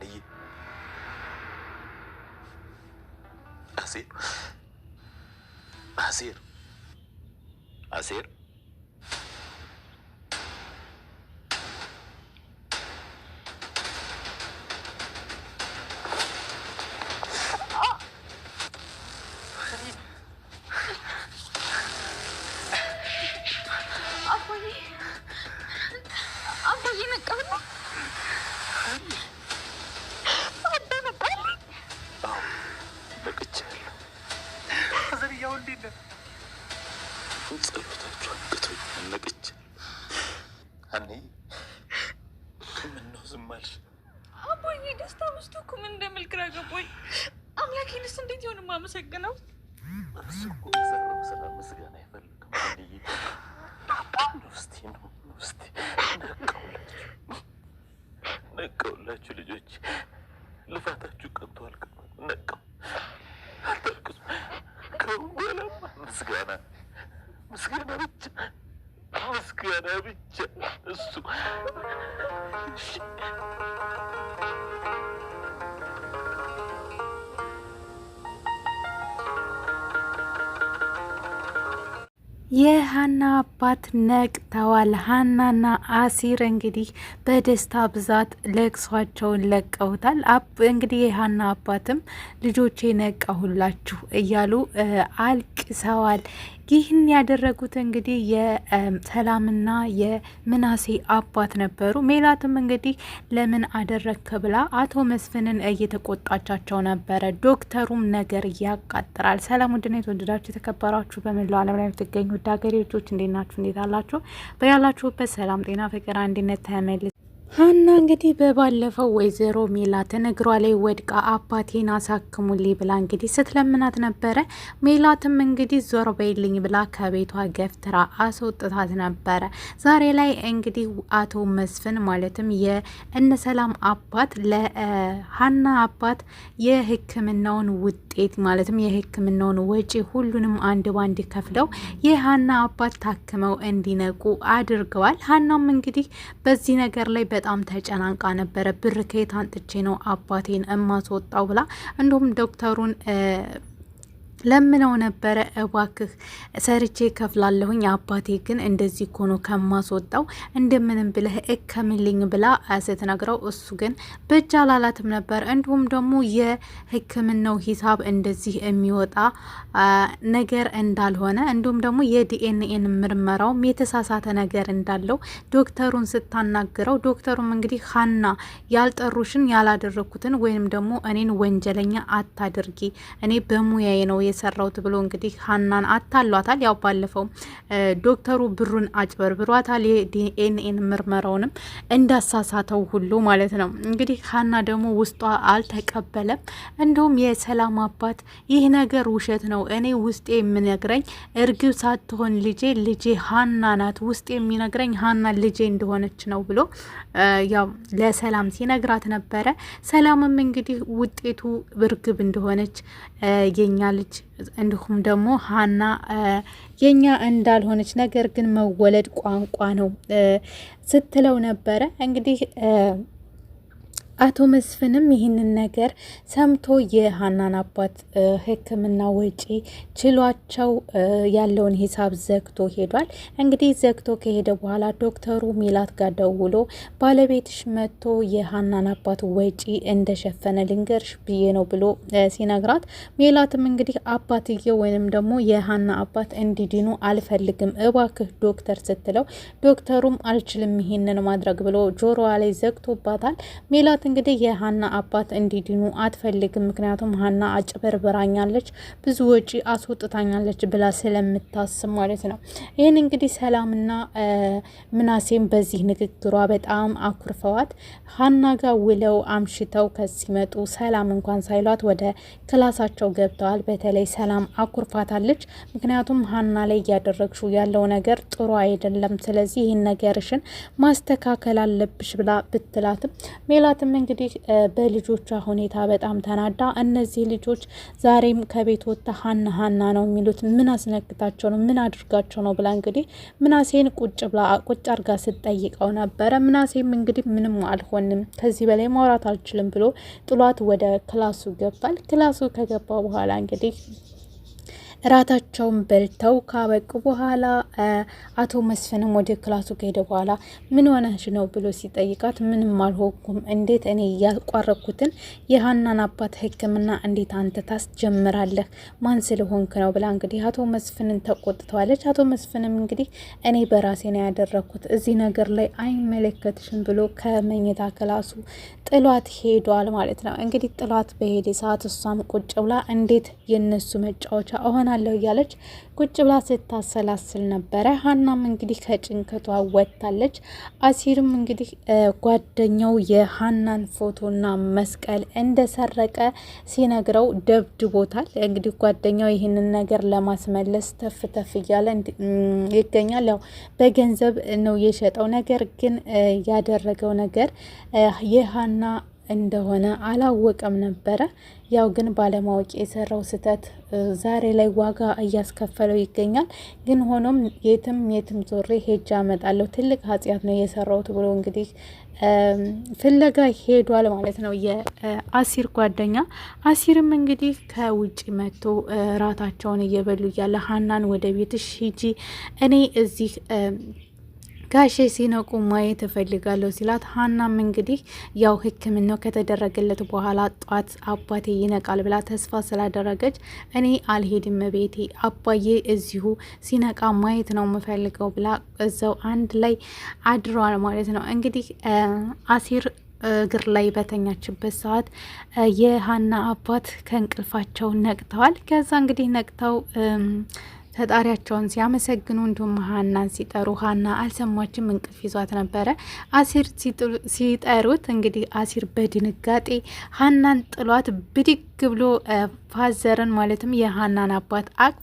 Dani. Así. Así. Así. ጸሎታችሁ አንግቶኝ አነቀች። አኔ ምን ዝም አልሽ? አቦዬ ደስታ ውስጥ እኮ ምን እንደምል ግራ ገባኝ። አምላኬንስ እንዴት ይሆን የማመሰግነው? ምስጋና አይፈልግም። ነቀውላችሁ ልጆች ልፋታችሁ ቀንቶ አልቀ ነቀው። አታልቅሱ ከበኋላ ምስጋና ምስጋና ብቻ ምስጋና ብቻ እሱ የሀና አባት ነቅተዋል። ሀናና አሲር እንግዲህ በደስታ ብዛት ለቅሷቸውን ለቀውታል። እንግዲህ የሀና አባትም ልጆቼ ነቃሁላችሁ እያሉ አልቅሰዋል። ይህን ያደረጉት እንግዲህ የሰላምና የምናሴ አባት ነበሩ። ሜላትም እንግዲህ ለምን አደረክ ብላ አቶ መስፍንን እየተቆጣቻቸው ነበረ። ዶክተሩም ነገር ያቃጥራል። ሰላም ውድና የተወደዳችሁ የተከበራችሁ በመላው ዓለም ላይ የምትገኙ ውድ ሀገሬ ልጆች እንዴት ናችሁ? እንዴት አላችሁ? በያላችሁበት ሰላም፣ ጤና፣ ፍቅር፣ አንድነት ተመልስ ሀና እንግዲህ በባለፈው ወይዘሮ ሜላትን እግሯ ላይ ወድቃ አባቴን አሳክሙልኝ ብላ እንግዲህ ስትለምናት ነበረ። ሜላትም እንግዲህ ዞር በይልኝ ብላ ከቤቷ ገፍትራ አስወጥታት ነበረ። ዛሬ ላይ እንግዲህ አቶ መስፍን ማለትም የእነሰላም አባት ለሀና አባት የሕክምናውን ውጤት ማለትም የሕክምናውን ወጪ ሁሉንም አንድ ባንድ ከፍለው የሀና አባት ታክመው እንዲነቁ አድርገዋል። ሀናም እንግዲህ በዚህ ነገር ላይ በጣም ተጨናንቃ ነበረ። ብር ከየት አንጥቼ ነው አባቴን እማስወጣው ብላ እንዲሁም ዶክተሩን ለምነው ነበረ እባክህ ሰርቼ ከፍላለሁኝ አባቴ ግን እንደዚህ ኮኖ ከማስወጣው እንደምንም ብለህ እከምልኝ ብላ ስትነግረው እሱ ግን በእጅ አላላትም ነበር። እንዲሁም ደግሞ የሕክምናው ሂሳብ እንደዚህ የሚወጣ ነገር እንዳልሆነ እንዲሁም ደግሞ የዲኤንኤን ምርመራውም የተሳሳተ ነገር እንዳለው ዶክተሩን ስታናግረው ዶክተሩም እንግዲህ ሀና ያልጠሩሽን ያላደረግኩትን ወይም ደግሞ እኔን ወንጀለኛ አታድርጊ እኔ በሙያዬ ነው የሰራሁት ብሎ እንግዲህ ሀናን አታሏታል። ያው ባለፈው ዶክተሩ ብሩን አጭበርብሯታል። የዲኤንኤን ምርመራውንም እንዳሳሳተው ሁሉ ማለት ነው። እንግዲህ ሀና ደግሞ ውስጧ አልተቀበለም። እንዲሁም የሰላም አባት ይህ ነገር ውሸት ነው፣ እኔ ውስጤ የሚነግረኝ እርግብ ሳትሆን ልጄ ልጄ ሀና ናት፣ ውስጤ የሚነግረኝ ሀና ልጄ እንደሆነች ነው ብሎ ያው ለሰላም ሲነግራት ነበረ። ሰላምም እንግዲህ ውጤቱ እርግብ እንደሆነች የኛ ልጅ እንዲሁም ደግሞ ሀና የኛ እንዳልሆነች ነገር ግን መወለድ ቋንቋ ነው ስትለው ነበረ እንግዲህ አቶ መስፍንም ይህንን ነገር ሰምቶ የሀናን አባት ሕክምና ወጪ ችሏቸው ያለውን ሂሳብ ዘግቶ ሄዷል። እንግዲህ ዘግቶ ከሄደ በኋላ ዶክተሩ ሚላት ጋር ደውሎ ባለቤትሽ መጥቶ የሀናን አባት ወጪ እንደሸፈነ ልንገርሽ ብዬ ነው ብሎ ሲነግራት ሜላትም እንግዲህ አባትየ ወይንም ደግሞ የሀና አባት እንዲድኑ አልፈልግም እባክህ ዶክተር ስትለው ዶክተሩም አልችልም ይህንን ማድረግ ብሎ ጆሮዋ ላይ ዘግቶባታል። ሜላት እንግዲህ የሀና አባት እንዲድኑ አትፈልግም። ምክንያቱም ሀና አጭበርብራኛለች፣ ብዙ ወጪ አስወጥታኛለች ብላ ስለምታስብ ማለት ነው። ይህን እንግዲህ ሰላምና ምናሴም በዚህ ንግግሯ በጣም አኩርፈዋት ሀና ጋር ውለው አምሽተው ከሲመጡ ሰላም እንኳን ሳይሏት ወደ ክላሳቸው ገብተዋል። በተለይ ሰላም አኩርፋታለች። ምክንያቱም ሀና ላይ እያደረግሹ ያለው ነገር ጥሩ አይደለም፣ ስለዚህ ይህን ነገርሽን ማስተካከል አለብሽ ብላ ብትላትም ሜላትም እንግዲህ በልጆቿ ሁኔታ በጣም ተናዳ እነዚህ ልጆች ዛሬም ከቤት ወጥተ ሀና ሀና ነው የሚሉት ምን አስነግታቸው ነው ምን አድርጋቸው ነው ብላ እንግዲህ ምናሴን ቁጭ ብላ ቁጭ አርጋ ስትጠይቀው ነበረ። ምናሴም እንግዲህ ምንም አልሆንም ከዚህ በላይ ማውራት አልችልም ብሎ ጥሏት ወደ ክላሱ ገባል። ክላሱ ከገባ በኋላ እንግዲህ እራታቸውን በልተው ካበቁ በኋላ አቶ መስፍንም ወደ ክላሱ ከሄደ በኋላ ምን ሆነሽ ነው ብሎ ሲጠይቃት ምንም አልሆንኩም፣ እንዴት እኔ ያቋረኩትን የሀናን አባት ሕክምና እንዴት አንተ ታስጀምራለህ? ማን ስለሆንክ ነው ብላ እንግዲህ አቶ መስፍንን ተቆጥተዋለች። አቶ መስፍንም እንግዲህ እኔ በራሴ ነው ያደረግኩት፣ እዚህ ነገር ላይ አይመለከትሽም ብሎ ከመኝታ ክላሱ ጥሏት ሄዷል ማለት ነው። እንግዲህ ጥሏት በሄደ ሰዓት እሷም ቁጭ ብላ እንዴት የነሱ መጫወቻ ሆነ እሆናለሁ እያለች ቁጭ ብላ ስታሰላስል ነበረ። ሀናም እንግዲህ ከጭንቀቷ ወጥታለች። አሲርም እንግዲህ ጓደኛው የሀናን ፎቶና መስቀል እንደሰረቀ ሲነግረው ደብድቦታል። እንግዲህ ጓደኛው ይህንን ነገር ለማስመለስ ተፍ ተፍ እያለ ይገኛል። ያው በገንዘብ ነው የሸጠው። ነገር ግን ያደረገው ነገር የሀና እንደሆነ አላወቀም ነበረ። ያው ግን ባለማወቅ የሰራው ስህተት ዛሬ ላይ ዋጋ እያስከፈለው ይገኛል። ግን ሆኖም የትም የትም ዞሬ ሄጄ አመጣለሁ ትልቅ ኃጢአት ነው የሰራሁት ብሎ እንግዲህ ፍለጋ ሄዷል ማለት ነው የአሲር ጓደኛ። አሲርም እንግዲህ ከውጭ መጥቶ ራታቸውን እየበሉ እያለ ሀናን ወደ ቤትሽ ሂጂ እኔ እዚህ ጋሼ ሲነቁ ማየት እፈልጋለሁ ሲላት፣ ሀናም እንግዲህ ያው ሕክምናው ከተደረገለት በኋላ ጧት አባቴ ይነቃል ብላ ተስፋ ስላደረገች እኔ አልሄድም ቤቴ አባዬ እዚሁ ሲነቃ ማየት ነው የምፈልገው ብላ እዛው አንድ ላይ አድረዋል ማለት ነው። እንግዲህ አሲር እግር ላይ በተኛችበት ሰዓት የሀና አባት ከእንቅልፋቸው ነቅተዋል። ከዛ እንግዲህ ነቅተው ፈጣሪያቸውን ሲያመሰግኑ እንዲሁም ሀናን ሲጠሩ ሀና አልሰማችም፣ እንቅልፍ ይዟት ነበረ። አሲር ሲጠሩት እንግዲህ አሲር በድንጋጤ ሀናን ጥሏት ብድግ ብሎ ፋዘርን ማለትም የሀናን አባት